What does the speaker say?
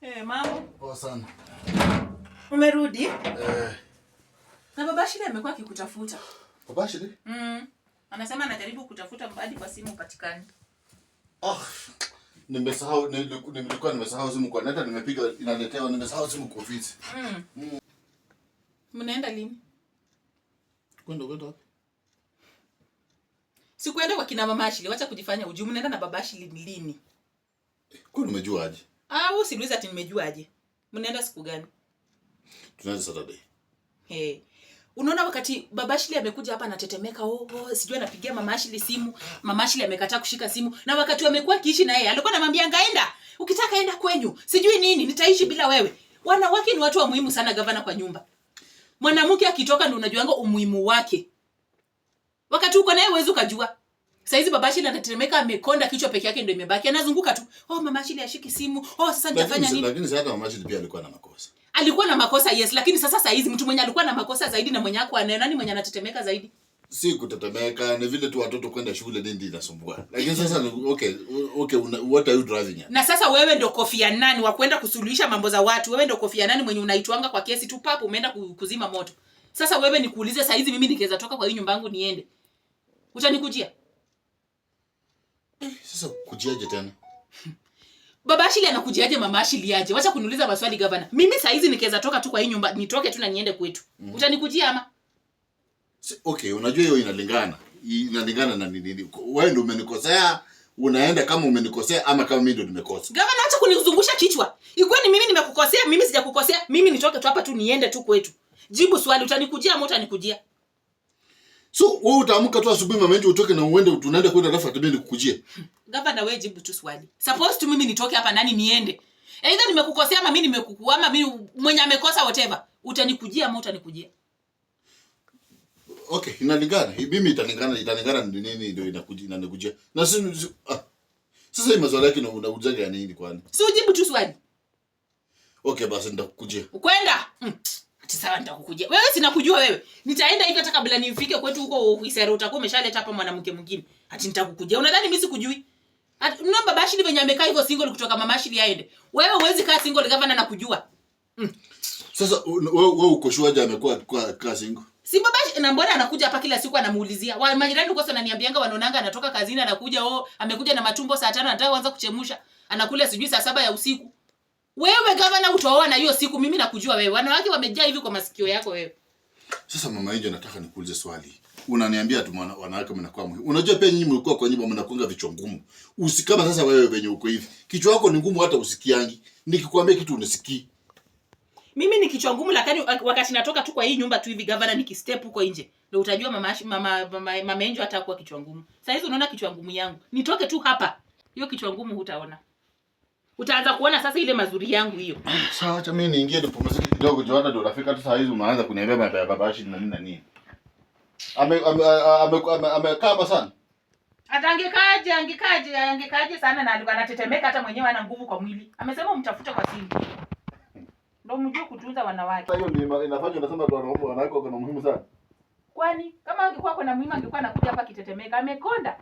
Eh, mambo. Poa sana. Umerudi? Eh. Na baba amekuwa akikutafuta. Baba Mm. Anasema anajaribu kutafuta mbadi kwa simu patikani. Ah. Nimesahau nilikuwa nimesahau simu kwa neta nimepiga inaletewa nimesahau simu kwa ofisi. Mm. Mm. Mnaenda lini? Kwenda kwenda wapi? Sikuenda kwa kina mama wacha kujifanya ujui mnaenda na baba Shida lini? Eh, kwa nimejua aje? au ah, usiniulize ati nimejuaje. Mnaenda siku gani? Tunaanza Saturday. Hey. Unaona wakati baba Ashley amekuja hapa anatetemeka, oh, oh, sijui anapigia mama Ashley simu, mama Ashley amekataa kushika simu, na wakati amekuwa kiishi na yeye alikuwa anamwambia ngaenda, ukitaka enda kwenyu, sijui nini, nitaishi bila wewe. Wanawake ni watu wa muhimu sana gavana, kwa nyumba. Mwanamke akitoka ndio unajuanga umuhimu wake. Wakati uko naye uwezi ukajua. Saizi baba Ashili anatetemeka, amekonda kichwa peke yake ndio imebaki. Anazunguka tu. Oh, mama Ashili ashiki simu. Oh, sasa nitafanya nini? Lakini sasa mama Ashili pia alikuwa na makosa. Alikuwa na makosa, yes, lakini sasa saizi mtu mwenye alikuwa na makosa zaidi na mwenye yako anaye nani mwenye anatetemeka zaidi? Si kutetemeka, ni vile tu watoto kwenda shule ndio ndio inasumbua. Lakini sasa okay, okay, una, what are you driving at? Na sasa wewe ndio kofi ya nani wa kwenda kusuluhisha mambo za watu? Wewe ndio kofi ya nani mwenye unaitwanga kwa kesi tu papo umeenda kuzima moto? Sasa wewe nikuulize saizi mimi nikiweza toka kwa hii nyumba yangu niende. Utanikujia? Sasa kujiaje tena? Baba Ashili anakujiaje, mama Ashili aje? Wacha kuniuliza maswali gavana. Mimi saa hizi nikiweza toka tu kwa hii nyumba, nitoke tu na niende kwetu. Mm. Utanikujia ama? Si, okay, unajua hiyo inalingana. Inalingana na nini? Wewe ndio umenikosea, unaenda kama umenikosea ama kama mimi ndio nimekosa. Gavana, acha kunizungusha kichwa. Ikuwe ni mimi nimekukosea, mimi sijakukosea, mimi nitoke tu hapa tu niende tu kwetu. Jibu swali, utanikujia ama utanikujia? So wewe utaamka tu asubuhi mama nje utoke na uende tunaenda kwenda rafa tabia nikukujia. Gavana wewe jibu tu swali. Suppose tu mimi nitoke hapa nani niende? Either nimekukosea ama mimi nimekukua ama mimi mwenye amekosa whatever. Utanikujia ama utanikujia? Okay, inalingana. Mimi italingana italingana nini ndio inakujia inanikujia. Na si ah. Sasa hii maswali yake unaujaga ya nini kwani? Si ujibu tu swali. Okay, basi nitakukujia. Ukwenda? kukuja. Wewe sinakujua wewe. Nitaenda hivi hata kabla nifike kwetu huko isero utakuwa umeshaleta hapa mwanamke mwingine. hati nitakukuja. Unadhani mimi sikujui? Ati unaona baba Ashili venye amekaa hivyo single kutoka mama Ashili aende. Wewe huwezi kaa single gavana na kujua. Mm. Sasa wewe uko sure amekuwa kwa kaa single? Si baba na mbona anakuja hapa kila siku anamuulizia. Wa majirani kwa ananiambianga wanaonanga anatoka kazini anakuja oh amekuja na matumbo saa 5 anataka kuanza kuchemusha. Anakula sijui saa 7 ya usiku. Wewe gavana utaoa na hiyo siku mimi nakujua wewe. Wanawake wamejaa hivi kwa masikio yako wewe. Sasa mama hiyo nataka nikuulize swali. Unaniambia tu wanawake mnakuwa muhimu. Unajua pia nyinyi mlikuwa kwa nyumba mnakunga vichwa ngumu. Usikama sasa wewe venye uko hivi. Kichwa chako ni ngumu hata usikiangi. Nikikwambia kitu unasikii. Mimi ni kichwa ngumu lakini wakati natoka tu kwa hii nyumba tu hivi gavana nikistep huko nje. Ndio utajua mama mama mama, mama Enjo hata hatakuwa kichwa ngumu. Sasa hizo unaona kichwa ngumu yangu. Nitoke tu hapa. Hiyo kichwa ngumu hutaona. Utaanza kuona sasa ile mazuri yangu hiyo. Sawa, acha mimi niingie nipumzike kidogo, hata ndio rafika tu saa hizi unaanza kuniambia mambo ya babashi na nini na nini. Ame ame ame ame kama sana. Atangekaje, angekaje, angekaje, sana na alikuwa anatetemeka hata mwenyewe ana nguvu kwa mwili. Amesema umtafute kwa simu. Ndio mjue kutunza wanawake. Hiyo ndio inafanya unasema ndio wanawake wako na muhimu sana. Kwani kama angekuwa kuna muhimu angekuwa anakuja hapa kitetemeka. Amekonda.